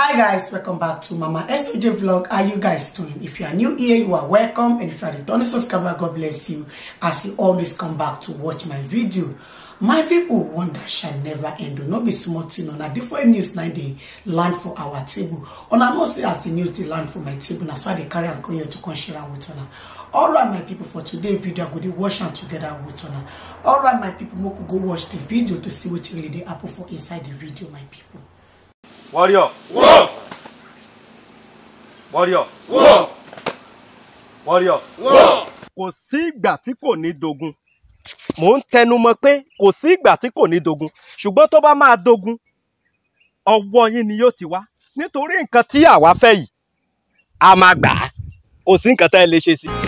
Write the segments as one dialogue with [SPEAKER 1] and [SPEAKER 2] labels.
[SPEAKER 1] hi guys welcome back to mama soj vlog how you guys doing if you are new here you are welcome and if you are returning subscriber god bless you as you always come back to watch my video my people wonder shall never end no be small thing on a different news Now they land for our table una know say as the news they land for my table na so they carry and come here to come share am with una all right my people for today's video go dey wash and together with una all right my people make we go watch the video to see what really they happen for inside the video my people
[SPEAKER 2] Warrior. War. Warrior. War. Warrior. War. Kò sí ìgbà tí kò ní dogun. Mò ń tẹnu mọ́ pé kò sí ìgbà tí kò ní dogun. Ṣùgbọ́n tó bá máa dogun, ọwọ́ yín ni yóò ti wá. Nítorí nǹkan tí àwa fẹ́ yìí, a máa gbà á. Kò sí nǹkan tá ẹ lè ṣe sí i.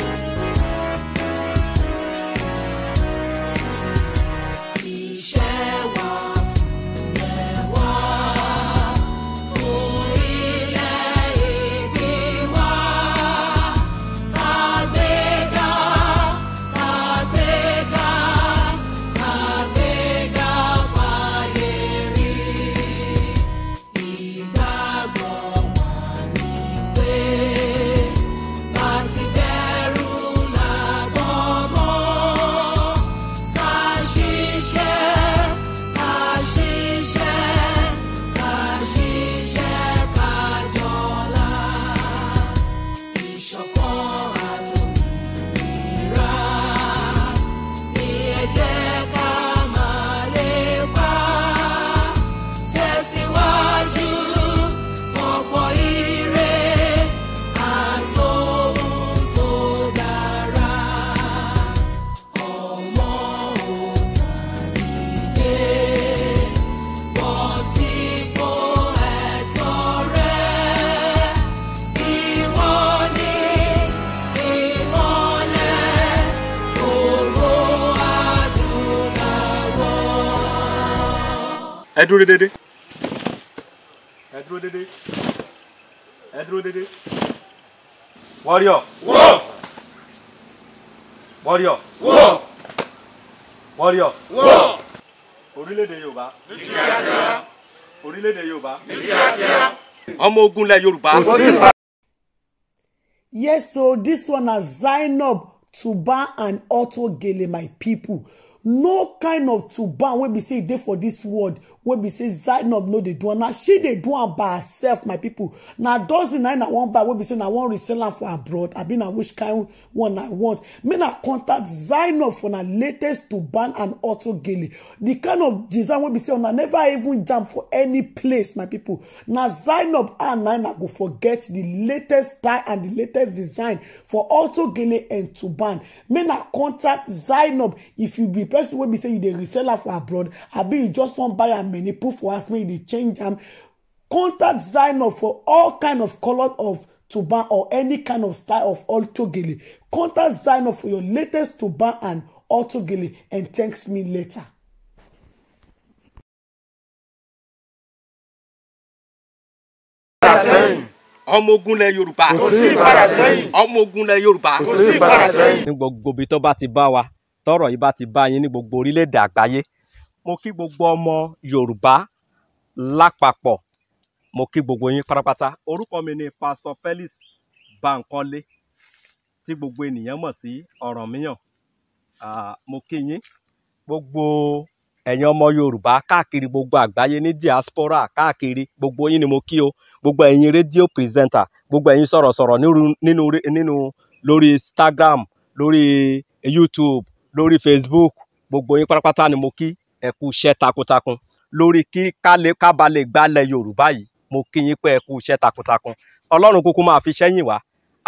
[SPEAKER 2] ẹ dúró dédé ẹ dúró dédé ẹ dúró dédé warrior wọ warrior wọ warrior wọ orílẹ̀-èdè yorùbá ní kíákíá orílẹ̀-èdè yorùbá ní kíákíá ọmọ ogun lẹ yorùbá.
[SPEAKER 1] yes so this one na zainab tuba and otto gele my people no kind of tuba wey be say e dey for dis world wey be say zainab no dey do am na she dey do am by herself my people na dozen na i wan buy wey be say na wan resell am for abroad abi na which kind one i want Me na contact zainab for na latest to ban and auto gele the kind of design wey be say una never even jam for any place my people na zainab and na go forget the latest tie and the latest design for auto gele and to ban Me na contact zainab if you be person wey be say you dey resell am for abroad abi you just wan buy am when e put for asthma e dey change am contact designer for all kind of color of tuba or any kind of style of altogele contact designer for your latest tuba and altogele and thanks me later
[SPEAKER 2] ọmọ ogun lẹ yorùbá kò sí ìpadà sẹ́yìn ọmọ ogun lẹ yorùbá kò sí ìpadà sẹ́yìn. ní gbogbo ibi tó bá ti bá wa tọ̀rọ̀ yìí bá ti bá yín ní gbogbo orílẹ̀-èdè àgbáyé mo kí gbogbo ọmọ yorùbá lápapọ̀ mo kí gbogbo yín pátápátá orúkọ mi ni pastor felix bankole tí gbogbo ènìyàn mọ̀ sí ọ̀rànmíyàn mo kí yín gbogbo ẹ̀yin ọmọ yorùbá káàkiri gbogbo àgbáyé ní diaspora káàkiri gbogbo yín ni mo kí o gbogbo ẹ̀yin rédíò pírẹsẹ̀ntà gbogbo ẹ̀yin sọ̀rọ̀sọ̀rọ̀ nínú lórí instagram lórí youtube lórí facebook gbogbo yín parapata ni mo kí ẹ kú iṣẹ́ takuntakun lórí kí ká bá lè gbálẹ̀ Yorùbá yìí mo kí yín pé ẹ kú iṣẹ́ takuntakun Ọlọ́run kúkú máa fi sẹ́yìn wá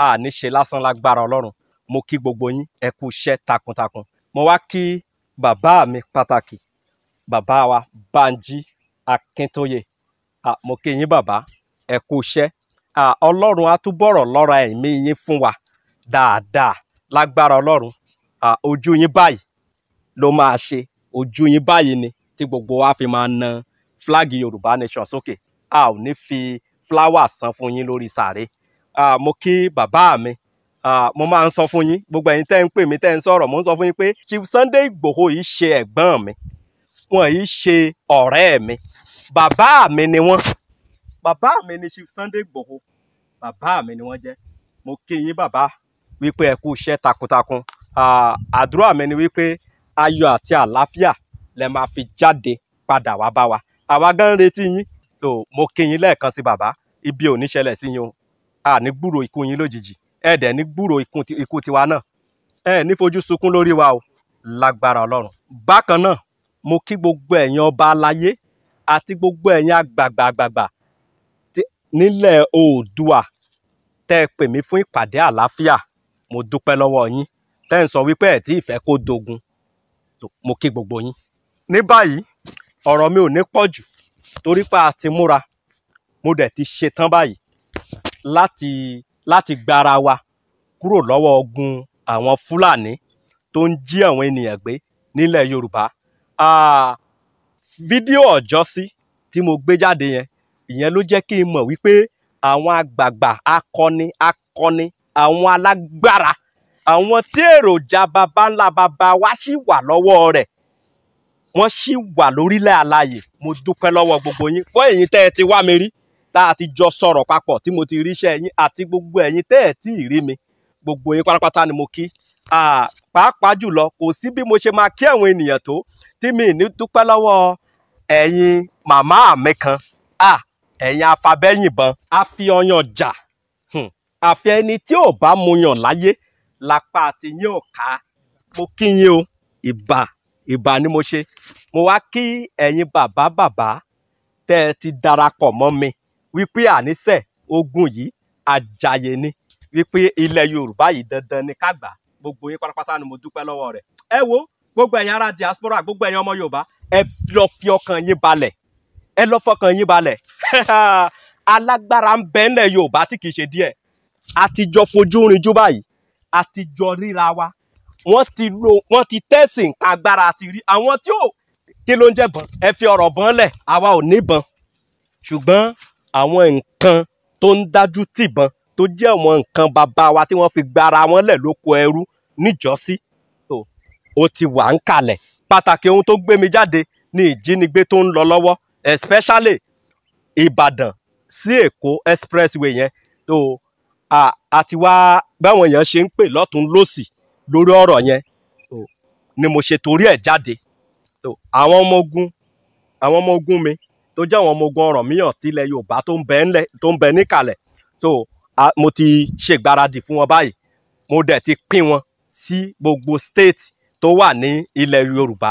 [SPEAKER 2] a ní ṣe lásán lágbára Ọlọ́run mo kí gbogbo yín ẹ kú iṣẹ́ takuntakun mo wá kí bàbá mi pàtàkì bàbá wa Bánjí akintoye mo kí yín bàbá ẹ kú iṣẹ́ Ọlọ́run á túbọ̀rọ̀ lọ́ra ẹ̀mí yín fún wa dáadáa lágbára Ọlọ́run ojú yín báyìí ló máa ṣe ojú yín báyìí ni tí gbogbo wa fi máa na fúláàgì yorùbá nation sókè a ò ní fi flower san fún yín lórí sàré mo kí bàbá mi mo máa ń sọ fún yín gbogbo ẹ̀yin tẹ́ ń pè mí tẹ́ ń sọ̀rọ̀ mo ń sọ fún yín pé Chief Sunday Igboho yìí ṣe ẹ̀gbọ́n mi wọn yìí ṣe ọ̀rẹ́ mi bàbá mi ni wọ́n bàbá mi ni Chief Sunday Igboho bàbá mi ni wọ́n jẹ́ mo kí yín bàbá wípé ẹ kú iṣẹ́ takuntakun àdúrà mi ni wípé ayọ̀ àti àlàáfíà lẹ máa fi jáde padà wá bá wa àwa gan ń retí yín tó mo kí yín lẹ́ẹ̀kan sí bàbá ibi ò ní ṣẹlẹ̀ sí yín o a ní gbúrò ikú yín lójijì ẹ dẹ̀ ní gbúrò ikú tiwa náà ẹ ní fojú sunkún lórí wa o lágbára ọlọ́run bákan náà mo kí gbogbo ẹ̀yin ọba aláyé àti gbogbo ẹ̀yin àgbàgbàgbàgbà nílẹ̀ oòdùà tẹ́ ẹ pè mí fún ìpàdé àlàáfíà mo dúpẹ́ lọ́wọ́ yín tẹ́ ń sọ wípé ẹ̀ tí ìfẹ́ kó dogun mo kí gbogbo yín ní báyìí ọ̀rọ̀ mi ò ní pọ̀ jù torí pé a ti múra mo dẹ̀ ti ṣetán báyìí láti láti gbára wa kúrò lọ́wọ́ ogun àwọn Fúlàní tó ń jí àwọn ènìyàn gbé nílẹ̀ Yorùbá fídíò ọjọ́sí tí mo gbé jáde yẹn ìyẹn ló jẹ́ kí n mọ̀ wípé àwọn àgbààgbà akọni akọni àwọn alágbára àwọn tí èròjà baba ńlá baba wa ṣì wà lọ́wọ́ rẹ̀ wọ́n ṣì wà lórílẹ̀ àlàyé mo dúpẹ́ lọ́wọ́ gbogbo yín fún èyí tẹ́ ẹ ti wá mi rí tá a ti jọ sọ̀rọ̀ papọ̀ tí mo ti ríṣẹ́ yín àti gbogbo ẹ̀yin tẹ́ ẹ tí ì rí mi gbogbo yín pátápátá ni mo kí pàápàá jùlọ kò sí bí mo ṣe máa kí àwọn ènìyàn tó tí mi ní dúpẹ́ lọ́wọ́ ẹ̀yin màmá mi kan ẹ̀yin afabẹ́yìnbọn a fi ọyàn jà àfi ẹni tí ò bá mu yàn láyé lápá àti yín ọ̀ka mo kí yín o ìbà ìbà ni mo ṣe mo wá kí ẹ̀yin bàbá bàbá tẹ́ ẹ ti darapọ̀ mọ́ mi wípé àníṣe ogun yìí àjàyè ni wípé ilẹ̀ yorùbá yìí dandan ni ká gbà gbogbo yín pátápátá ni mo dúpẹ́ lọ́wọ́ rẹ̀ ẹ wo gbogbo ẹ̀yin ará diaspora gbogbo ẹ̀yin ọmọ yorùbá ẹ lọ fi ọkàn yín balẹ̀ ẹ lọ fọkàn yín balẹ̀ alágbára ń bẹ ńlẹ̀ yorùbá tí kì í ṣe díẹ̀ a fojú rinjú báyìí àtijọ́ ríra wa wọ́n ti lo wọ́n ti tẹ̀sìn agbára àti rí àwọn tí ò kí ló ń jẹ́ bọ́n ẹ fi ọ̀rọ̀ bọ́n lẹ̀ àwa ò níbọn ṣùgbọ́n àwọn nǹkan tó ń dájú tìbọn tó jẹ́ àwọn nǹkan bàbá wa tí wọ́n fi gbara wọn lẹ̀ lóko ẹrú níjọ́sí ó ti wà ń kalẹ̀ pàtàkì ohun tó gbé mi jáde ní ìjínigbé tó ń lọ lọ́wọ́ especially Ìbàdàn sí Èkó expressway yẹn tó àti wá báwọn èèyàn ṣe ń pè lọ́tún lọ́sì lórí ọ̀rọ̀ yẹn ni mo ṣe torí ẹ̀ jáde àwọn ọmọ ogun àwọn ọmọ ogun mi tó jẹ́ àwọn ọmọ ogun Ọ̀rànmíyàn tilẹ̀ Yorùbá tó ń bẹ ńlẹ̀ tó ń bẹ níkàlẹ̀ so a, mo ti ṣègbáradì fún wọn báyìí mo dẹ̀ ti pín wọn sí si gbogbo state tó wà ní ilẹ̀ Yorùbá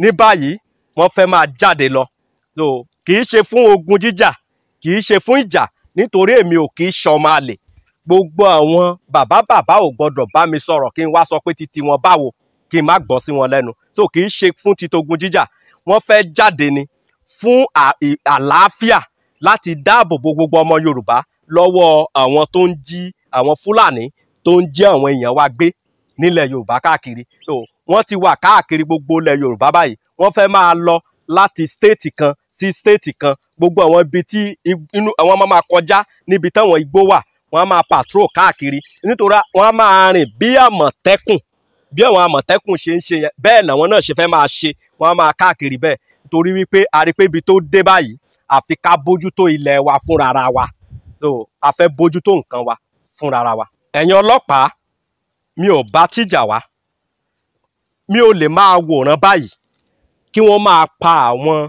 [SPEAKER 2] ní báyìí wọ́n fẹ́ máa jáde lọ so kì í ṣe fún ogun jíjà kì í ṣe fún ìjà nítorí èmi ò kì í ṣọmọ àlè gbogbo àwọn bàbá bàbá ò gbọdọ̀ bá mi sọ̀rọ̀ kí n wá sọ pé titi wọn báwo kí n má gbọ́ sí wọn lẹ́nu so kì í ṣe fún titogun jíjà wọ́n fẹ́ jáde ni fún àlàáfíà láti dáàbò bo gbogbo ọmọ Yorùbá lọ́wọ́ àwọn tó ń jí àwọn Fúlàní tó ń jí àwọn èèyàn wa gbé nílẹ̀ Yorùbá káàkiri so wọ́n ti wà káàkiri gbogbo ilẹ̀ Yorùbá báyìí wọ́n fẹ́ máa lọ láti stéètì kan sí stéètì kan gbogbo àwọn ibi tí inú àwọn ọmọ máa kọjá níbi táwọn igbó wà wọ́n á máa patrol káàkiri nítorí wọ́n á máa rìn bí àmọ̀tẹ́kùn bí àwọn àmọ̀tẹ́kùn ṣe ń ṣe bẹ́ẹ̀ làwọn náà ṣe fẹ́ máa ṣe wọ́n máa káàkiri bẹ́ẹ̀ torí wípé a rí pé ibi tó dé báyìí àfi ká bójútó ilẹ̀ wa fúnra ra wa so a fẹ́ bójútó nǹkan wa fúnra ra wa. ẹ̀yin ọlọ́pàá mi ò bá tíjà wá mi ò lè máa wòran báyìí kí wọ́n máa pa àwọn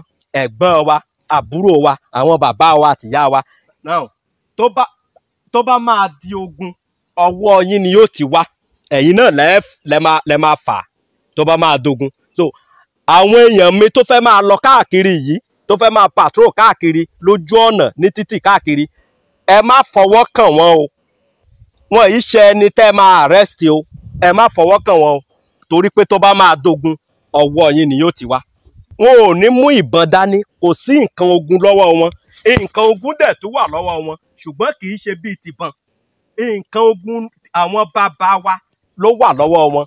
[SPEAKER 2] ẹ̀gbọ́n wa àbúrò wa àwọn bàbá wa àtìyá wa. now tó bá tó bá máa di ogun ọwọ́ yín ni yóò ti wá ẹ̀yin náà lẹ máa fà á tó bá máa dogun so àwọn èèyàn mi tó fẹ́ máa lọ káàkiri yìí tó fẹ́ máa patrol káàkiri lójú ọ̀nà ní títì káàkiri ẹ má fọwọ́ kàn wọ́n o wọn yìí ṣe ẹni tẹ́ máa arrest o ẹ má fọwọ́ kàn wọ́n o torí pé tó bá máa dogun ọwọ́ yín ni yóò ti wá wọn ò ní mú ìbọn dání kò sí nǹkan ogun lọ́wọ́ wọn nǹkan ogun dẹ̀ tó wà lọ́wọ́ wọn ṣùgbọ́n kì í ṣe bíi tìbọn nǹkan ogun àwọn bàbá wa ló wà lọ́wọ́ wọn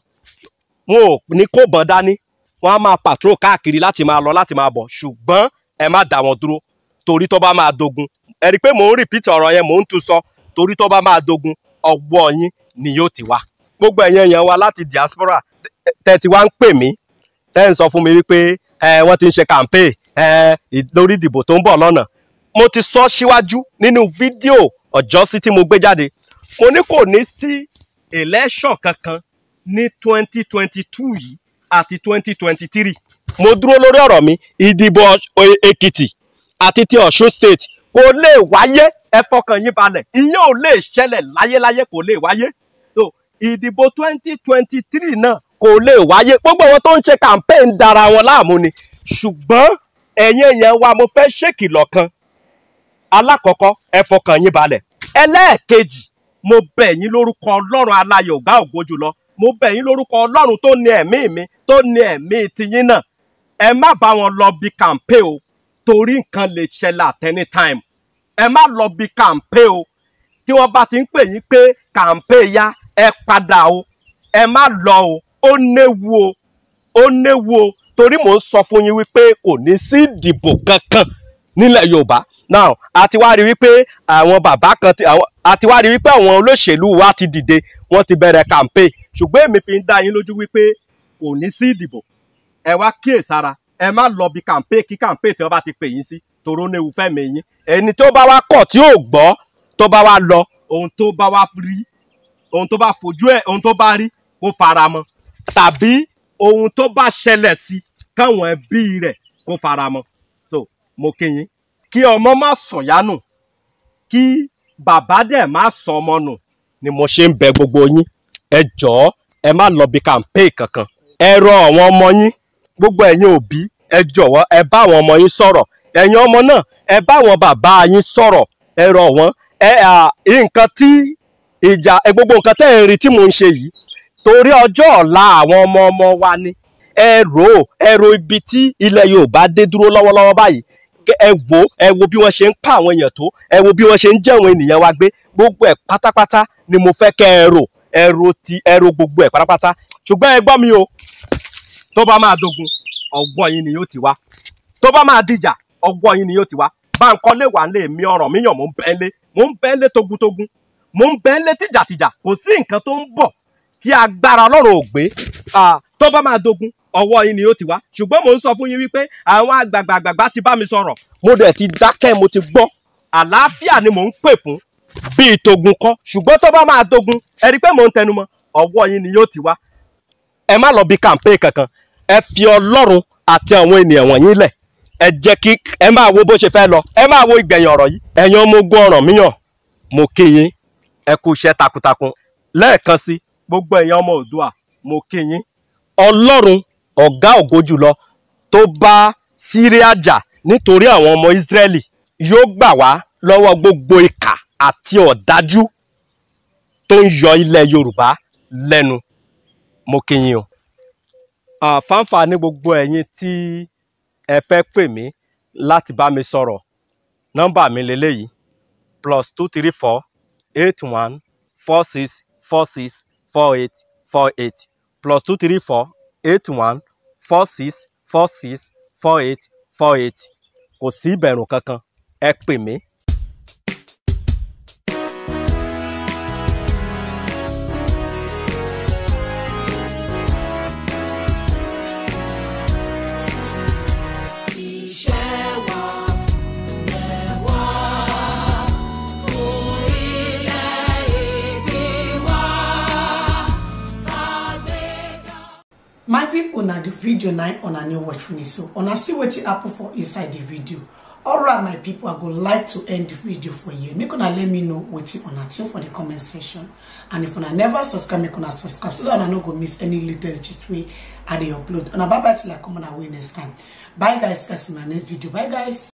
[SPEAKER 2] wọn ò ní kó bọn dání wọn á máa patrol káàkiri láti máa lọ láti máa bọ̀ ṣùgbọ́n ẹ má dá wọn dúró torí tó bá máa dogun ẹ rí i pé mò ń repeat ọ̀rọ̀ yẹn mò ń tún sọ torí tó bá máa dogun ọwọ́ yín ni yóò ti wá gbogbo ẹ̀yin èèyàn wa láti diaspora tẹ́ ti wá ń pè mí tẹ́ ń sọ fún mi wípé wọ́n ti ń ṣe campaign lórí ìdìbò tó ń bọ̀ lọ́nà mo ti sọ síwájú nínú fídíò ọjọ́sí tí mo gbé jáde mo ní kò ní sí election kankan ní twenty twenty two yìí àti twenty mo dúró lórí ọ̀rọ̀ mi ìdìbò Èkìtì àti ti Ọ̀ṣun state kò lè wáyé ẹ fọkàn yín balẹ̀ ìyẹn ò lè ṣẹlẹ̀ láyéláyé kò lè wáyé so ìdìbò 2023 twenty three náà kò lè wáyé gbogbo àwọn tó ń ṣe campaign dara wọn láàmú ni ṣùgbọ́n ẹ̀yin èèyàn wa mo fẹ́ ṣèkìlọ̀ kan alákọ̀ọ́kọ́ ẹ fọkàn yín balẹ̀ ẹlẹ́ẹ̀kejì mo bẹ̀ yín lórúkọ ọlọ́run aláyọ̀ ọ̀gá ògo jùlọ mo bẹ̀ yín lórúkọ ọlọ́run tó ní ẹ̀mí mi tó ní ẹ̀mí tiyín náà ẹ má bá wọn lọ bí kàǹpé o torí nǹkan lè ṣẹlẹ̀ at any time ẹ má lọ bí kàǹpé o tí wọ́n bá ti ń pè yín pé kàǹpé ya ẹ padà o ẹ má lọ o ó néwu o ó néwu o torí mò ń sọ fún yín wípé kò ní sí ìdìbò kankan nílẹ̀ yorùbá now a ti wá rí wípé àwọn bàbá kan ti àwọn a ti wá rí wípé àwọn olóṣèlú wa ti dìde wọ́n ti bẹ̀rẹ̀ campaign ṣùgbọ́n èmi fi ń dá yín lójú wípé kò ní sí ìdìbò ẹ wá kíyèsára ẹ má lọ bí campaign kí campaign tí wọ́n bá ti pè yín sí toró ní ewu fẹmi yín ẹni tó bá wá kọ̀ tí ò gbọ́ tó bá wá lọ ohun tó bá wá rí ohun tó bá fojú ẹ̀ ohun tó bá rí kó fara mọ́ tàbí ohun tó bá ṣẹlẹ̀ sí káwọn ẹbí rẹ̀ kó fara mọ́ so mo kí yín. kí ọmọ má sọ̀yá kí bàbá dẹ̀ má sọ ọmọ ni mo ṣe ń bẹ gbogbo yín ẹ jọ̀ọ́ ẹ má lọ bí kàǹpé kankan ẹ rọ ọmọ yín gbogbo ẹ̀yin òbí ẹ jọ̀wọ́ ẹ ọmọ yín sọ̀rọ̀ ẹ̀yin ọmọ náà ẹ bá bàbá yín sọ̀rọ̀ ẹ rọ nǹkan tí ìjà gbogbo nǹkan tẹ́ tí mò ń yìí torí ọjọ́ ọ̀la ẹ wo ẹ wo bí ṣe ń pa àwọn èèyàn tó ẹ wo bí ṣe ń jẹ́ ènìyàn wa gbé gbogbo ẹ̀ pátápátá ni mo fẹ́ kẹ́ ẹ rò ẹ rò ti ẹ rò gbogbo ẹ̀ pátápátá ṣùgbọ́n ẹ mi o tó bá máa dogun ni yóò ti wá tó bá máa dìjà ni yóò ti wá wà lè mi ọ̀ràn mi yàn ń bẹ́ẹ́lé mo ń bẹ́ẹ́lé togutogun ń bẹ́ẹ́lé tìjàtìjà kò sí nǹkan tó ń bọ̀ tí agbára Ọlọ́run ò gbé ọwọ́ yín ni ó ti wá ṣùgbọ́n mò ń sọ fún yín wípé àwọn àgbàgbàgbà ti bá mi sọ̀rọ̀ mo dẹ̀ ti dákẹ́ mo ti gbọ́ àlàáfíà ni mò ń pè fún bíi togun kọ́ ṣùgbọ́n tó bá máa dogun ẹ rí i pé mò ń tẹnumọ́ ọwọ́ yín ni yóò ti wá ẹ má lọ bí kàǹpé kankan ẹ fi ọlọ́run àti àwọn ènìyàn wọ̀nyí lẹ̀ ẹ jẹ́ kí ẹ máa wo bó ṣe fẹ́ lọ ẹ máa wo ìgbẹ̀yìn ọ̀rọ̀ yìí ẹ̀yin ọmọ ogun ọ̀ràn ọ̀gá ògo jùlọ tó bá síríà jà nítorí àwọn ọmọ Ísírẹ́lì yóò gbà wá lọ́wọ́ gbogbo ìkà àti ọ̀dájú tó ń yọ ilẹ̀ Yorùbá lẹ́nu mo kí yín o. àfáǹfà ní gbogbo ẹ̀yin tí ẹ fẹ́ pè mí láti bá mi sọ̀rọ̀ nọ́mbà mi lélẹ́yìí plus two three four eight one four six four six four eight four eight plus two three four eight one four six four six four eight four eight kò sí ìbẹ̀rù kankan ẹ pè mí
[SPEAKER 1] una the video na una new watch for me. so una see wetin happen for inside the video alright my people i go like to end the video for you make una let me know wetin una think for the comment section and if una never subscribe make una subscribe so that una no go miss any latest just way i dey upload And bye bye till i come on away next time bye guys guys in my next video bye guys